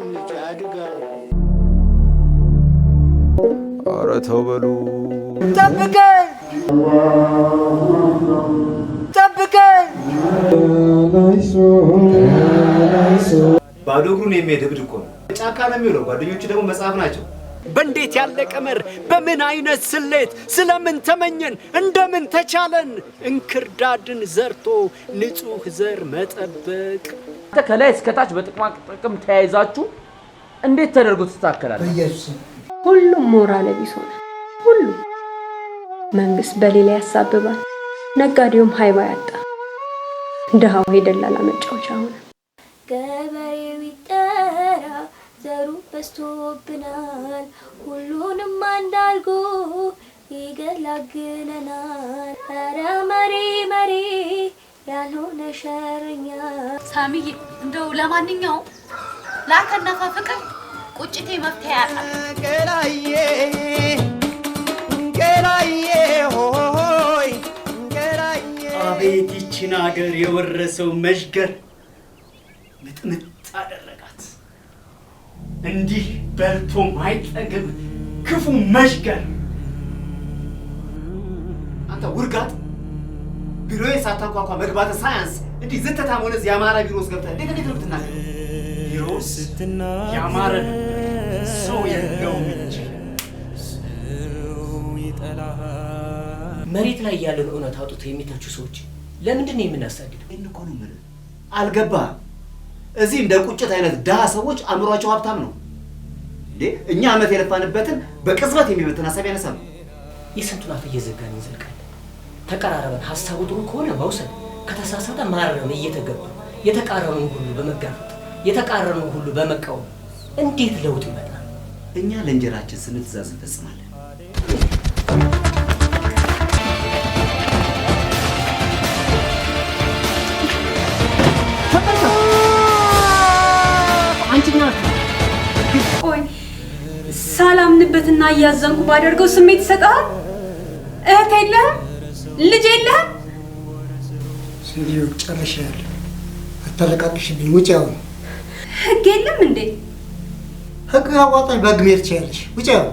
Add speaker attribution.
Speaker 1: ልጅ አድጋ ኧረ ተው በሉ።
Speaker 2: ጠብቀኝ።
Speaker 3: ባዶ እግሩን የሚሄድ እብድ እኮ ነው። ጫካ ነው የሚውለው። ጓደኞቹ ደግሞ መጽሐፍ ናቸው።
Speaker 2: በእንዴት ያለ ቀመር! በምን አይነት ስሌት! ስለምን ተመኘን? እንደምን ተቻለን? እንክርዳድን ዘርቶ ንጹሕ ዘር መጠበቅ
Speaker 3: ከላይ እስከታች በጥቅማ ጥቅም ተያይዛችሁ እንዴት ተደርጎ ትስተካከላል?
Speaker 4: ሁሉም ሞራል ቢስ ሆነ። ሁሉም መንግስት በሌላ ያሳብባል። ነጋዴውም ሀይባ ያጣ፣ ድሃው የደላላ መጫወቻ ሆነ።
Speaker 5: ገበሬው ይጠራ ዘሩ በዝቶብናል፣ ሁሉንም አንድ ይገላግለናል። ኧረ መሬ ያልሆነ ሸረኛ
Speaker 6: ሳሚዬ፣ እንደው ለማንኛውም ላከነፈ ፍቅር ቁጭቴ መፍትሄ ያጣል። ገላዬ
Speaker 7: አቤት ይችን አገር የወረሰው መዥገር ምጥምጥ አደረጋት። እንዲህ በልቶ ማይጠግብ ክፉ መዥገር።
Speaker 3: አንተ ውርጋት ቢሮዬ ሳታንኳኳ መግባት ሳያንስ እንዲህ ዝተታም ሆነ የአማራ ቢሮ ውስጥ ገብተህ እንዴት እንዴት ነው የምትናገረው?
Speaker 7: ቢሮውስ ያማረ ሰው የለውም እንጂ
Speaker 8: መሬት ላይ ያለን እውነት አውጥተው የሚታችሁ ሰዎች ለምንድን ነው የምናሳድደው?
Speaker 3: እኮ ነው የምልህ። አልገባህም? እዚህ እንደ ቁጭት አይነት ድሀ ሰዎች አእምሯቸው ሀብታም ነው እንዴ? እኛ አመት የለፋንበትን በቅጽበት የሚበትን ሀሳብ ያነሳሉ።
Speaker 8: የስንቱን አፍ እየዘጋን እንዘልቃለን። ተቀራረበን ሀሳቡ ጥሩ ከሆነ መውሰድ ከተሳሳተ ማረም እየተገባ የተቃረመው ሁሉ በመጋፈጥ የተቃረመው ሁሉ በመቃወም እንዴት ለውጥ ይመጣል? እኛ ለእንጀራችን ስንል ትእዛዝ እንፈጽማለን።
Speaker 6: ሳላምንበትና እያዘንኩ ባደርገው ስሜት ይሰጣል። እህት የለህም ልጅ የለህም?
Speaker 9: ሴትዮ ጨርሻለሁ። አታለቃቅሽብኝ። ውጭ ያው
Speaker 6: ህግ የለም እንዴ?
Speaker 9: ህግ አዋጣሽ። በህግ መሄድ ትችያለሽ። ውጭ ያው